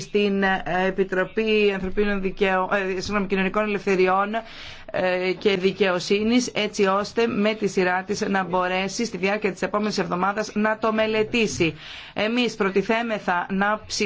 στην ε, Επιτροπή Ανθρωπίνων ε, Συγγνώμη, Κοινωνικών Ελευθεριών ε, και Δικαιοσύνης έτσι ώστε με τη σειρά της να μπορέσει στη διάρκεια της επόμενης εβδομάδας να το μελετήσει. Εμείς προτιθέμεθα να ψηφίσουμε